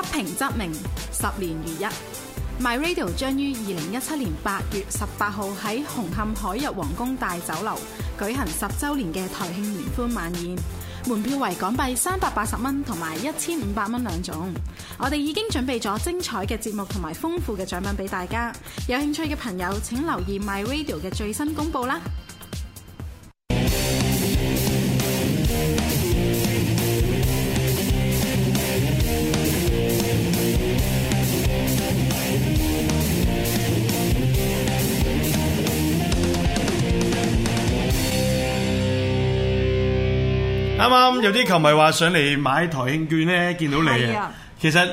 不平則鳴，十年如一。MyRadio 將於二零一七年八月十八號喺紅磡海逸皇宮大酒樓舉行十週年嘅台慶聯歡晚宴，門票為港幣三百八十蚊同埋一千五百蚊兩種。我哋已經準備咗精彩嘅節目同埋豐富嘅獎品俾大家，有興趣嘅朋友請留意 MyRadio 嘅最新公佈啦。啱啱有啲球迷話上嚟買台慶券咧，見到你啊！其實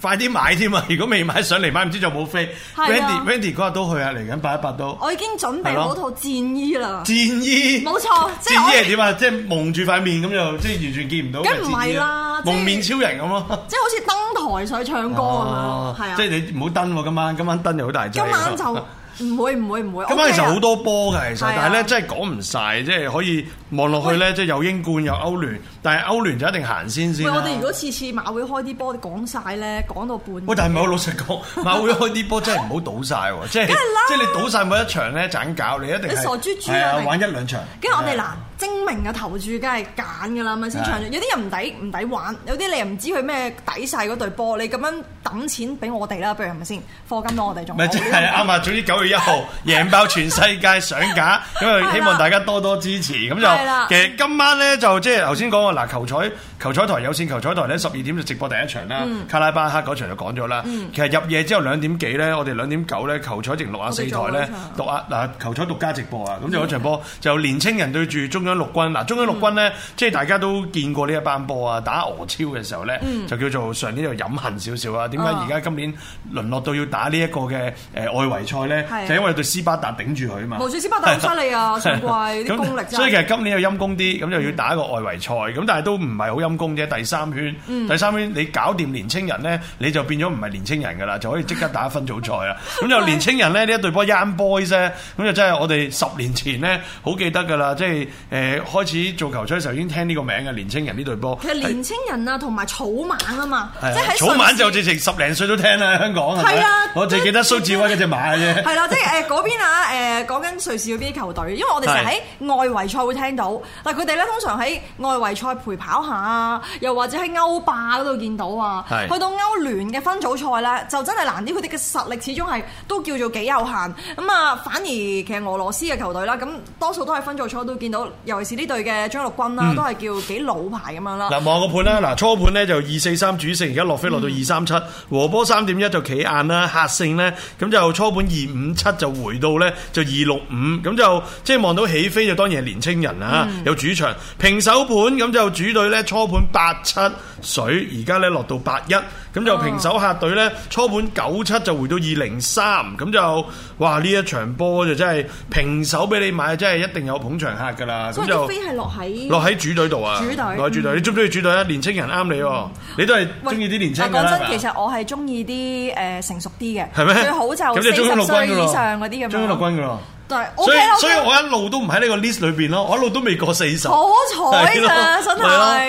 快啲買添啊！如果未買上嚟買，唔知仲有冇飛。Wendy Wendy，嗰日都去啊！嚟緊八一八都。我已經準備好套戰衣啦。戰衣，冇錯。戰衣係點啊？即係蒙住塊面咁，就即係完全見唔到。梗唔係啦，蒙面超人咁咯。即係好似登台上去唱歌咁咯，係啊。即係你唔好登喎，今晚今晚登又好大。今晚就。唔會唔會唔會，咁其實好多波㗎其實，但係咧真係講唔晒，即係可以望落去咧，即係有英冠有歐聯，但係歐聯就一定行先先。唔我哋如果次次馬會開啲波講晒咧，講到半喂，但係唔好老實講，馬會開啲波真係唔好賭晒，即係即係你賭晒每一場咧，盞搞你一定你傻豬豬啊！玩一兩場，跟住我哋嗱。精明嘅投注梗係揀㗎啦，咪先。有啲人唔抵唔抵玩，有啲你又唔知佢咩抵晒嗰對波。你咁樣等錢俾我哋啦，不如係咪先？課金多我哋仲。咪即係啱啊！總之九月一號贏爆全世界上架，咁啊希望大家多多支持。咁就其實今晚咧就即係頭先講啊嗱，球彩球彩台有線球彩台咧十二點就直播第一場啦。卡拉巴克嗰場就講咗啦。其實入夜之後兩點幾咧，我哋兩點九咧球彩直六啊四台咧獨啊，嗱球彩獨家直播啊。咁就嗰場波就年青人對住中。中央陸軍嗱，中央陸軍咧，即係大家都見過呢一班波啊，打俄超嘅時候咧，嗯、就叫做上年度飲恨少少啊。點解而家今年淪落到要打呢一個嘅誒外圍賽咧？呃、就因為對斯巴達頂住佢啊嘛，無處斯巴達好犀利啊，咁怪啲功力。所以其實今年又陰功啲，咁就要打一個外圍賽。咁但係都唔係好陰功啫。第三圈，嗯、第三圈你搞掂年青人咧，你就變咗唔係年青人噶啦，就可以即刻打分組賽 啊。咁就年青人咧呢一隊波 Young Boys 啫，咁就真係我哋十年前咧好記得噶啦，即係。誒，開始做球賽嘅時候已經聽呢個名嘅年青人呢隊波。其實年青人啊，同埋是草蜢啊嘛，的即係草蜢就直情十零歲都聽啦，香港。係啊的，的我凈記得蘇志威嗰隻馬啫。係啦，即係誒嗰邊啊誒，講緊瑞士嗰邊嘅球隊，因為我哋成日喺外圍賽會聽到，的但係佢哋咧通常喺外圍賽陪跑下又或者喺歐霸嗰度見到啊的，去到歐聯嘅分組賽咧就真係難啲，佢哋嘅實力始終係都叫做幾有限。咁啊，反而其實俄羅斯嘅球隊啦，咁多數都喺分組賽都見到。尤其是呢隊嘅張立軍啦，嗯、都係叫幾老牌咁樣啦。嗱，望個盤啦，嗱、嗯、初盤呢就二四三主勝，而家落飛落到二三七，和波三點一就企硬啦，客勝呢，咁就初盤二五七就回到呢，就二六五，咁就即係望到起飛就當然係年青人啦，嗯、有主場平手盤咁就主隊呢，初盤八七水，而家呢落到八一，咁就平手客隊呢，哦、初盤九七就回到二零三，咁就哇呢一場波就真係平手俾你買，真係一定有捧場客㗎啦。咁就飛係落喺落喺主隊度啊！主隊落主隊，你中唔中意主隊啊、嗯？年青人啱你喎、啊，嗯、你都係中意啲年青嘅啦。講真，係咪其實我係中意啲誒成熟啲嘅，嗎最好就四十歲以上嗰啲咁咯。中意陸軍㗎咯～所以所以，我一路都唔喺呢個 list 裏邊咯，我一路都未過四十。好彩咋真係，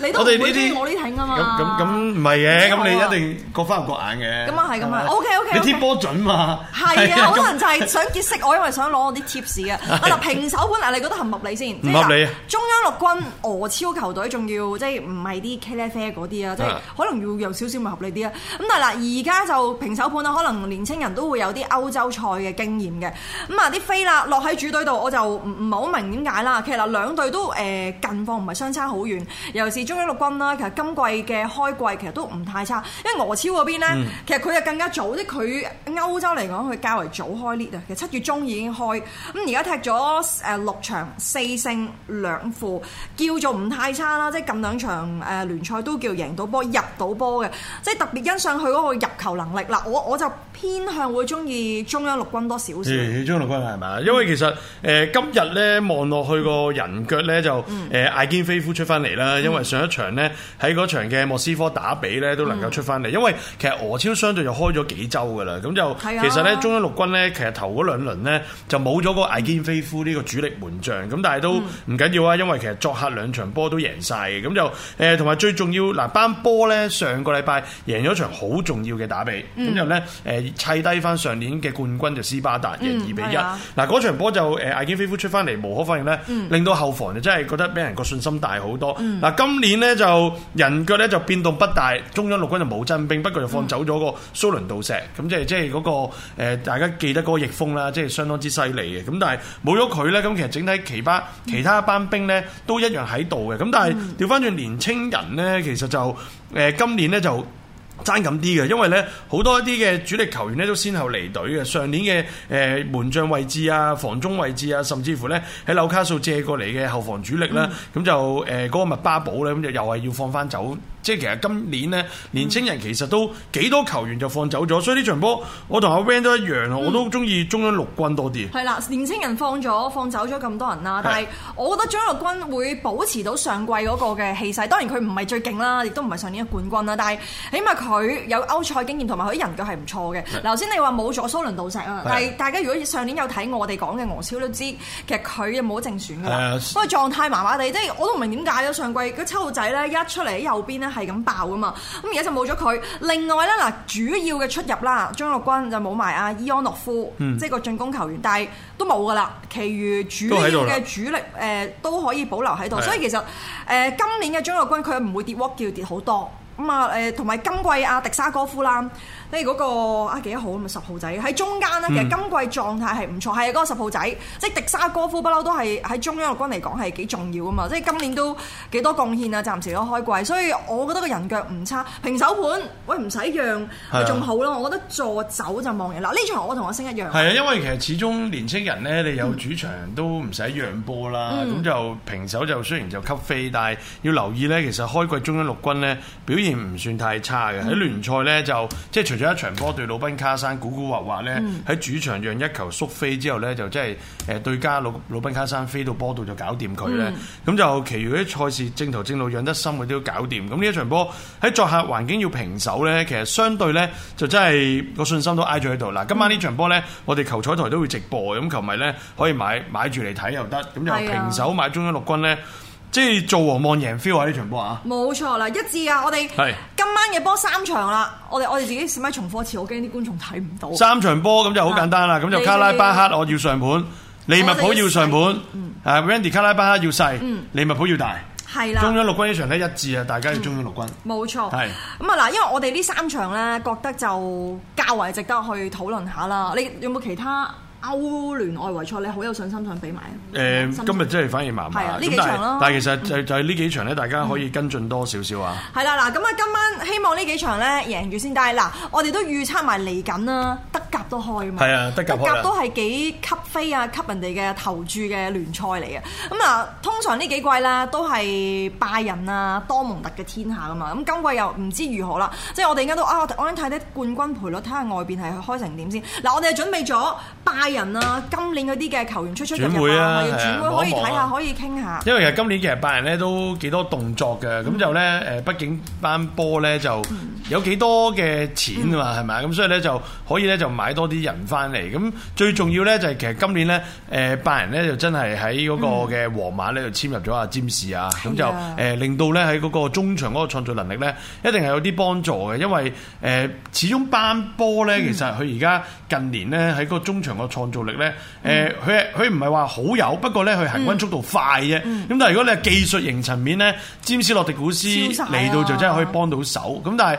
你你都唔會中意我呢啲啊嘛。咁咁唔係嘅，咁你一定各花入各眼嘅。咁啊係咁啊，OK OK。你貼波準嘛？係啊，可能就係想結識我，因為想攞我啲 tips 啊。嗱，平手盤啊，你覺得合唔合理先？唔合理啊！中央陸軍俄超球隊仲要即係唔係啲 K League 嗰啲啊？即係可能要有少少唔合理啲啊！咁但係嗱，而家就平手盤啊，可能年青人都會有啲歐洲賽嘅經驗嘅。咁。啲飛啦落喺主隊度，我就唔唔係好明點解啦。其實嗱，兩隊都誒近況唔係相差好遠。尤其是中央陸軍啦，其實今季嘅開季其實都唔太差。因為俄超嗰邊呢，其實佢就更加早啲，佢歐洲嚟講佢較為早開 lift 啊。其實七月中已經開，咁而家踢咗誒六場四勝兩負，叫做唔太差啦。即係近兩場誒聯賽都叫贏到波入到波嘅，即係特別欣賞佢嗰個入球能力啦。我我就。偏向會中意中央陸軍多少少？中央陸軍係咪啊？嗯、因為其實誒、呃、今日咧望落去個人腳咧就誒、嗯呃、艾堅菲夫出翻嚟啦。嗯、因為上一場咧喺嗰場嘅莫斯科打比咧都能夠出翻嚟。因為其實俄超相對就開咗幾周噶啦，咁就、嗯、其實咧中央陸軍咧其實頭嗰兩輪咧就冇咗個艾堅菲夫呢個主力門將。咁但係都唔緊要啊，因為其實作客兩場波都贏晒。咁就誒同埋最重要嗱、呃、班波咧上個禮拜贏咗一場好重要嘅打比。咁就咧誒。呃呃嗯砌低翻上年嘅冠軍就斯巴達嘅二比一。嗱，嗰場波就誒，艾堅菲夫出翻嚟，無可否認咧，嗯、令到後防就真係覺得俾人個信心大好多。嗱、嗯、今年呢，就人腳咧就變動不大，中央陸軍就冇真兵，不過就放走咗個蘇倫道石，咁、嗯、即係即係嗰個大家記得嗰個逆風啦，即係相當之犀利嘅。咁但係冇咗佢咧，咁其實整體其他其他一班兵咧都一樣喺度嘅。咁但係調翻轉年青人咧，其實就誒、呃、今年咧就。呃爭咁啲嘅，因為咧好多一啲嘅主力球員咧都先後離隊嘅。上年嘅誒、呃、門將位置啊、防中位置啊，甚至乎咧喺紐卡素借過嚟嘅後防主力啦，咁、嗯、就誒嗰、呃嗰個麥巴寶咧，咁就又係要放翻走。即係其實今年咧，年青人其實都幾多球員就放走咗，嗯、所以呢場波我同阿 Van 都一樣、嗯、我都中意中央陸軍多啲。係啦，年青人放咗放走咗咁多人啦，是的 但係我覺得中央陸軍會保持到上季嗰個嘅氣勢。當然佢唔係最勁啦，亦都唔係上年嘅冠軍啦，但係起碼佢有歐賽經驗，同埋佢啲人腳係唔錯嘅。頭先是的 你話冇咗蘇倫道石啊，是的 但係大家如果上年有睇我哋講嘅俄超都知，其實佢又冇正選㗎啦，不過狀態麻麻地，即係我都唔明點解咗上季嗰七號仔咧一出嚟喺右邊咧。係咁爆㗎嘛，咁而家就冇咗佢。另外咧嗱，主要嘅出入啦，中央陸軍就冇埋阿伊安諾夫，嗯、即係個進攻球員，但係都冇噶啦。其餘主要嘅主力誒都、呃、都可以保留喺度，是的 所以其實誒、呃、今年嘅中央陸軍，佢唔會跌喎叫跌好多。咁啊，誒同埋今季阿迪沙哥夫啦，例如嗰個啊幾好咁啊十號仔喺中間咧，其實今季狀態係唔錯，係嗰個十號仔，即係迪沙哥夫不嬲都係喺中央陸軍嚟講係幾重要㗎嘛，即係今年都幾多貢獻啊，暫時都開季，所以我覺得個人腳唔差，平手盤喂唔使讓，仲好啦，我覺得助走就望贏。嗱呢場我同阿星一樣，係啊，因為其實始終年青人咧，你有主場都唔使讓波啦，咁就平手就雖然就吸飛，但係要留意咧，其實開季中央陸軍咧表現。唔算太差嘅。喺、嗯、聯賽呢，就即係除咗一場波對魯賓卡山鼓鼓滑滑、古古惑惑，呢喺主場讓一球縮飛之後呢，就真係誒對家魯魯賓卡山飛到波度就搞掂佢呢咁、嗯、就其餘啲賽事正頭正路讓得心嘅都搞掂，咁呢一場波喺作客環境要平手呢，其實相對呢，就真係個信心都挨咗喺度。嗱，今晚呢場波呢，我哋球彩台都會直播嘅，咁球迷呢，可以買買住嚟睇又得，咁就平手買中央陸軍呢。嗯嗯即係做王望贏 feel 啊！呢場波啊，冇錯啦，一致啊，我哋今晚嘅波三場啦，我哋我哋自己使咪重播次，我驚啲觀眾睇唔到。三場波咁就好簡單啦，咁、啊、就卡拉巴克我要上盤，利物浦要上盤，啊、嗯、Wendy 卡拉巴克要細，嗯、利物浦要大，係啦。中央陸軍呢場咧一致啊，大家要中央陸軍。冇、嗯、錯，係咁啊嗱，因為我哋呢三場咧，覺得就較為值得去討論下啦。你有冇其他？歐聯外圍賽你好有信心想俾埋誒，心心今日真係反而麻麻。係啊，呢幾場咯但。但係其實就就係呢幾場咧，嗯、大家可以跟進多少少啊。係啦，嗱，咁啊，今晚希望呢幾場咧贏住先贏。但係嗱，我哋都預測埋嚟緊啦，德甲都開啊嘛。係啊，德甲德甲都係幾吸飛啊，吸人哋嘅投注嘅聯賽嚟嘅。咁啊，通常呢幾季啦，都係拜仁啊、多蒙特嘅天下噶嘛。咁今季又唔知如何啦。即係我哋而家都啊，我想睇啲冠軍賠率，睇下外邊係開成點先。嗱、啊啊，我哋係準備咗拜。人啦、啊，今年嗰啲嘅球員出出入入會啊，要轉會可以睇下，、啊、下，可以傾下。因為其實今年其實拜仁咧都幾多動作嘅，咁、嗯、就咧誒，畢竟班波咧就。嗯有幾多嘅錢啊嘛，係咪啊？咁所以咧就可以咧就買多啲人翻嚟。咁最重要咧就係其實今年咧，誒拜仁咧就真係喺嗰個嘅皇馬咧就簽入咗阿詹士啊，咁就誒令到咧喺嗰個中場嗰個創造能力咧一定係有啲幫助嘅，因為誒始終班波咧其實佢而家近年咧喺嗰個中場個創造力咧誒佢佢唔係話好有，不過咧佢行軍速度快啫。咁、嗯嗯、但係如果你係技術型層面咧，詹士洛迪古斯嚟到就真係可以幫到手。咁、啊、但係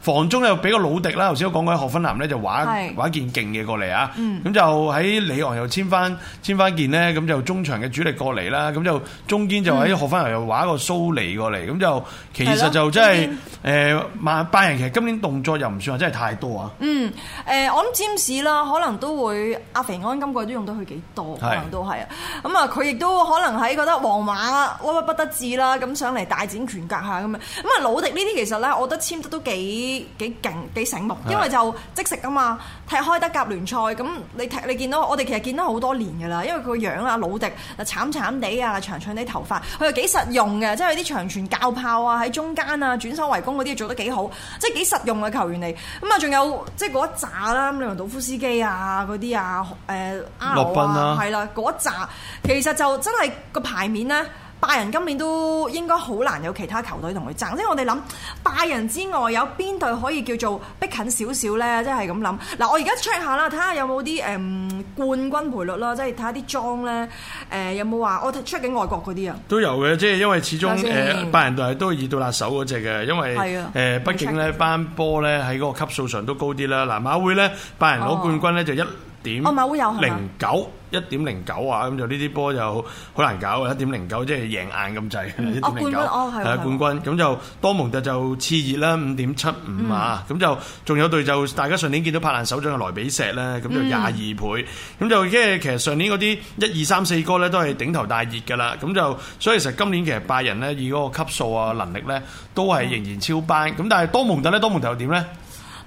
房中又俾個魯迪啦，頭先我講過，何芬南咧就玩是玩件勁嘅過嚟啊！咁、嗯、就喺里昂又簽翻簽翻件呢，咁就中場嘅主力過嚟啦。咁就中堅就喺何芬南又玩一個蘇尼過嚟，咁就、嗯、其實就真係誒馬拜仁其實今年動作又唔算話真係太多啊。嗯誒、呃，我諗占士啦，可能都會阿肥安今季都用到佢幾多，是可能都係啊。咁啊，佢亦都可能喺覺得皇馬屈屈不得志啦，咁上嚟大展拳腳下咁啊。咁啊，魯迪呢啲其實咧，我覺得簽得都幾幾勁幾醒目，因為就即食啊嘛，踢開德甲聯賽，咁你踢你見到我哋其實見到好多年噶啦，因為個樣啊老迪啊慘慘地啊長長啲頭髮，佢又幾實用嘅，即係啲長傳教炮啊喺中間啊轉守為攻嗰啲做得幾好，即係幾實用嘅球員嚟，咁啊仲有即係嗰一扎啦，利雲度夫斯基啊嗰啲啊，誒阿羅啊係啦嗰一扎，其實就真係個牌面啦。拜仁今年都應該好難有其他球隊同佢爭，即係我哋諗拜仁之外有邊隊可以叫做逼近少少咧？即係咁諗。嗱，我而家 check 下啦，睇下有冇啲誒冠軍賠率啦，即係睇下啲莊咧誒有冇話我出緊外國嗰啲啊。都有嘅，即係因為始終誒拜仁隊係都易到辣手嗰隻嘅，因為誒畢竟咧班波咧喺嗰個級數上都高啲啦。嗱，馬會咧拜仁攞冠軍咧就一哦點零九一點零九啊！咁就呢啲波就好難搞，一點零九即係贏硬咁滯。哦，冠軍哦係係冠軍，咁就多蒙特就次熱啦，五點七五啊！咁就仲有隊就大家上年見到拍爛手掌嘅萊比錫咧，咁就廿二倍。咁就即係其實上年嗰啲一二三四哥咧都係頂頭大熱噶啦。咁就所以其實今年其實拜仁咧以嗰個級數啊能力，咧都係仍然超班。咁但係多蒙特咧，多蒙特又點咧？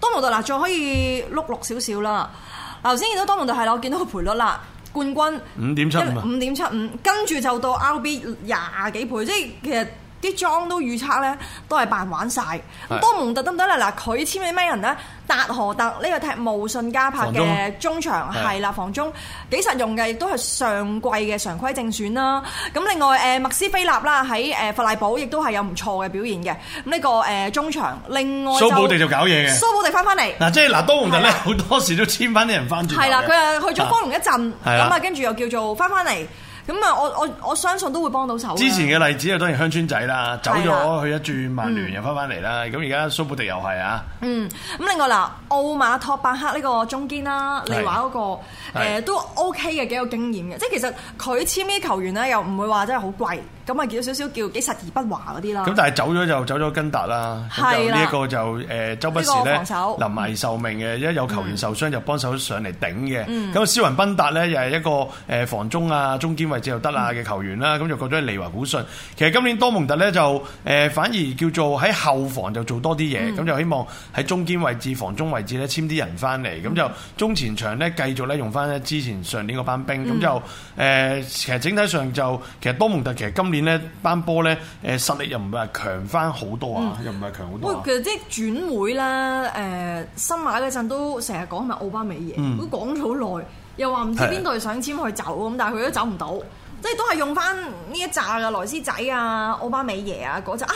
多蒙特嗱，仲可以碌碌少少啦。頭先見到多蒙特就係啦，我見到個賠率啦，冠軍五點七五，五點七五，跟住就到 R B 廿幾倍，即係其實。啲莊都預測咧，都係扮玩晒。多蒙特得唔得咧？嗱，佢簽咗咩人咧？達荷特呢個踢無信加拍嘅中場係啦，防中幾實用嘅，亦都係上季嘅常規正選啦。咁另外誒，麥斯菲納啦，喺誒佛賴堡亦都係有唔錯嘅表現嘅。咁、這、呢個誒中場，另外蘇博地就搞嘢嘅，蘇博地翻翻嚟嗱，即係嗱多蒙特咧，好的多時都簽翻啲人翻嚟。係啦，佢啊去咗科隆一陣，咁啊跟住又叫做翻翻嚟。咁啊，我我我相信都會幫到手。之前嘅例子啊，當然香川仔啦，的走咗去一轉，曼聯又翻翻嚟啦。咁而家蘇布迪又係啊。嗯，咁另外嗱，奧馬托伯克呢個中堅啦，利華嗰個是的、呃、都 OK 嘅，幾有經驗嘅。即係其實佢簽呢啲球員咧，又唔會話真係好貴。咁啊，叫少少叫幾實而不華嗰啲啦。咁但係走咗就走咗，根達啦。咁呢一個就誒，周不時咧，臨危受命嘅，一有球員受傷就幫手上嚟頂嘅。咁斯雲賓達咧又係一個誒，防中啊中堅位置又得啊嘅球員啦。咁就過咗利華古遜。其實今年多蒙特咧就誒反而叫做喺後防就做多啲嘢，咁就希望喺中堅位置、防中位置咧簽啲人翻嚟，咁就中前場咧繼續咧用翻之前上年嗰班兵。咁就誒其實整體上就其實多蒙特其實今邊咧班波咧？誒實力又唔係強翻好多啊，嗯、又唔係強好多喂、啊，其實即係轉會咧，誒新馬嗰陣都成日講係奧巴美耶，嗯、都講咗好耐，又話唔知邊度想簽佢走咁，的但係佢都走唔到，即係都係用翻呢一紮嘅萊斯仔啊、奧巴美耶啊嗰扎啊。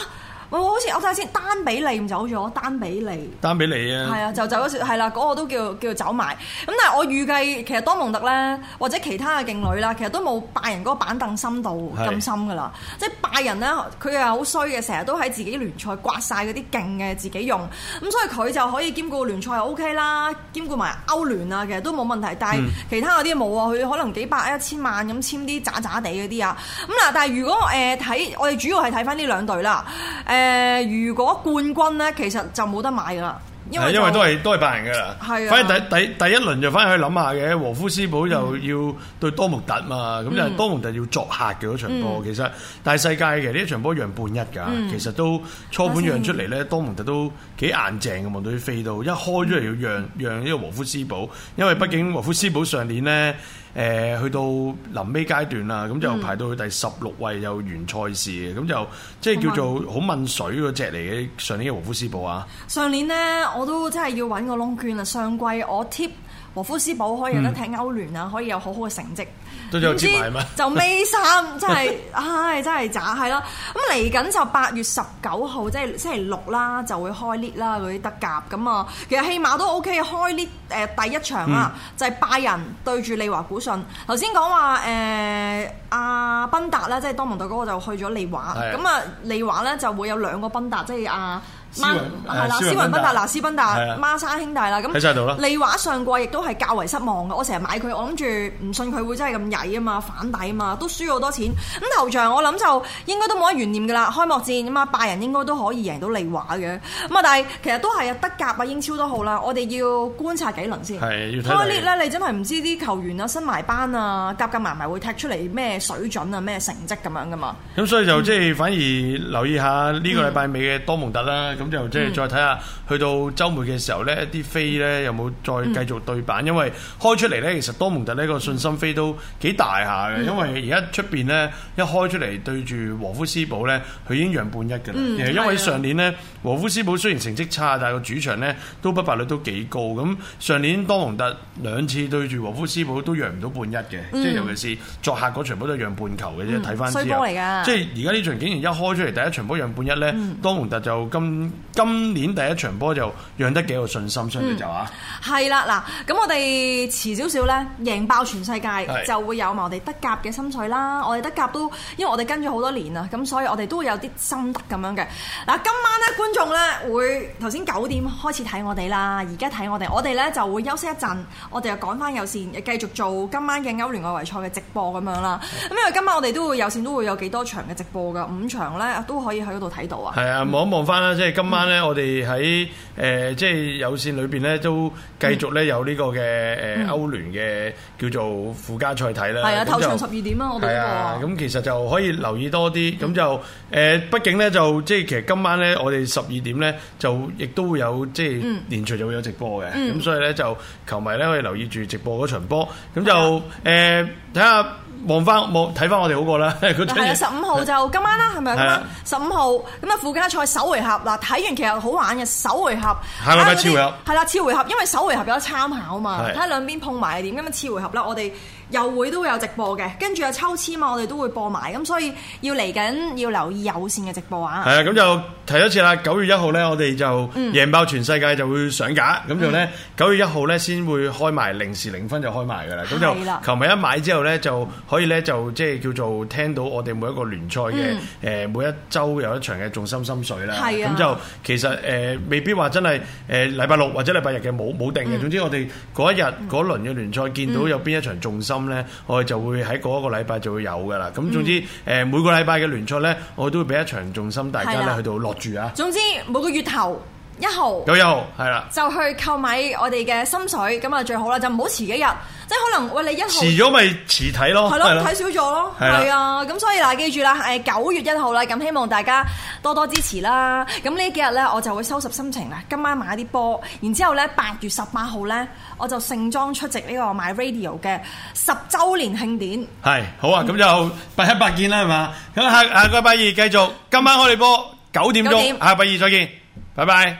我好似我睇下先，丹比利走咗，丹比利。丹比利啊！係啊，就走咗少係啦，嗰、啊嗰個都叫叫走埋。咁但係我預計其實多蒙特咧，或者其他嘅勁女啦，其實都冇拜仁嗰個板凳深度咁深㗎啦。是 即係拜仁咧，佢又係好衰嘅，成日都喺自己聯賽刮晒嗰啲勁嘅自己用。咁所以佢就可以兼顧聯賽 OK 啦，兼顧埋歐聯啊，其實都冇問題。但係其他嗰啲冇啊，佢可能幾百一千萬咁簽啲渣渣地嗰啲啊。咁嗱，但係如果誒睇、呃、我哋主要係睇翻呢兩隊啦，誒、呃。呃呃呃呃誒、呃，如果冠軍咧，其實就冇得買噶啦，因為，因為都係都係白人噶啦。係，是啊、反正第第第一輪就翻去諗下嘅，和夫斯堡就要對多蒙特嘛，咁、嗯、就多蒙特要作客嘅嗰場波，嗯、其實大世界嘅呢場波讓半一噶，嗯、其實都初盤讓出嚟咧，嗯、多蒙特都幾硬淨嘅，望到啲飛到一開咗嚟要讓、嗯、讓呢個和夫斯堡，因為畢竟和夫斯堡上年咧。誒去到臨尾階段啦，咁就、嗯、排到去第十六位有原賽事嘅，咁、嗯、就即係叫做好問水嗰隻嚟嘅上年嘅禾夫斯堡啊。上年咧我都真係要揾個窿券啊。上季我 t 和夫斯堡可以有得睇歐聯啊，嗯、可以有好好嘅成績。點知 就尾三，真係唉，真係渣係咯。咁嚟緊就八月十九號，即係星期六啦，就會開 lift 啦嗰啲德甲咁啊。其實起碼都 OK 啊，開 lift 誒第一場啊，嗯、就係拜仁對住利華古遜。頭先講話誒阿賓達咧，即係多蒙特嗰個就去咗利華。咁啊的利華咧就會有兩個賓達，即係阿、啊。馬嗱斯文賓達嗱斯賓達孖生兄弟啦，咁利華上季亦都係較為失望嘅。我成日買佢，我諗住唔信佢會真係咁曳啊嘛，反底啊嘛，都輸好多錢。咁頭場我諗就應該都冇乜懸念嘅啦。開幕戰啊嘛，拜仁應該都可以贏到利華嘅。咁啊，但係其實都係啊，德甲啊，英超都好啦。我哋要觀察幾輪先。係。開裂你真係唔知啲球員啊，新埋班啊，夾夾埋埋會踢出嚟咩水準啊，咩成績咁樣嘅嘛。咁、嗯、所以就即係反而留意下呢個禮拜尾嘅多蒙特啦。咁就即係再睇下，去到周末嘅時候呢，一啲飛呢，有冇再繼續對辦？嗯、因為開出嚟呢，其實多蒙特呢個信心飛都幾大下嘅。嗯、因為而家出邊呢，一開出嚟對住和夫斯堡呢，佢已經讓半一嘅啦。嗯、因為上年呢，是的 和夫斯堡雖然成績差，但係個主場呢，都不敗率都幾高。咁上年多蒙特兩次對住和夫斯堡都讓唔到半一嘅，即係、嗯、尤其是作客嗰場都係讓半球嘅啫。睇翻之後，嗯、即係而家呢場竟然一開出嚟第一場波讓半一呢。嗯、多蒙特就今今年第一場波就讓得幾有信心，相信就啊，係啦、嗯，嗱，咁我哋遲少少咧，贏爆全世界就是的 會有埋我哋德甲嘅心水啦，我哋德甲都因為我哋跟咗好多年啦，咁所以我哋都會有啲心得咁樣嘅。嗱、啊，今晚咧觀眾咧會頭先九點開始睇我哋啦，而家睇我哋，我哋咧就會休息一陣，我哋又趕返有線，繼續做今晚嘅歐聯外圍賽嘅直播咁樣啦。咁、嗯、因為今晚我哋都會有線都會有幾多場嘅直播噶，五場咧都可以喺嗰度睇到啊。係、嗯、啊，望一望翻啦，即係。今晚咧，我哋喺誒即係有線裏邊咧，都繼續咧有呢個嘅誒、呃、歐聯嘅叫做附加賽睇啦。係啊，就頭場十二點啊，我哋過啊。咁其實就可以留意多啲，咁、嗯、就誒、呃，畢竟咧就即係其實今晚咧，我哋十二點咧就亦都會有即係連隨就會有直播嘅。咁、嗯、所以咧就球迷咧可以留意住直播嗰場波，咁就誒睇下。望翻望睇翻我哋好過啦，係啊，十五號就今晚啦，係咪十五號咁啊，附加賽首回合嗱，睇完其實好玩嘅首回合，對次回合，係啦，次回合，因為首回合有得參考嘛，睇下是的 兩邊碰埋係點，咁啊次回合啦，我哋。又會都會有直播嘅，跟住有抽籤嘛，我哋都會播埋，咁所以要嚟緊要留意有線嘅直播啊！係啊，咁就提一次啦。九月一號咧，我哋就贏爆全世界就會上架，咁就咧九月一號咧先會開埋零時零分就開埋噶啦。咁就球迷一買之後咧，就可以咧就即係叫做聽到我哋每一個聯賽嘅誒每一週有一場嘅重心心水啦。咁就其實誒未必話真係誒禮拜六或者禮拜日嘅冇冇定嘅，總之我哋嗰一日嗰輪嘅聯賽見到有邊一場重心。咧，我哋就會喺嗰一個禮拜就會有㗎喇。咁總之，誒每個禮拜嘅聯賽呢，我都會俾一場重心，大家呢去到落注啊。總之每個月頭。一號九一號係啦，1, 啊、就去購買我哋嘅心水，咁啊最好啦，就唔好遲幾、哎、日，即係可能餵你一號遲咗咪遲睇咯，係咯睇少咗咯，係啊，咁、啊、所以嗱記住啦，係九月一號啦，咁希望大家多多支持啦。咁呢幾日咧我就會收拾心情啦，今晚買啲波，然之後咧八月十八號咧我就盛裝出席呢個 MyRadio 嘅十週年慶典。係好啊，咁就八 一八見啦，係嘛？咁下下個禮拜二繼續，今晚我哋播九點鐘，時下禮拜二再見，拜拜。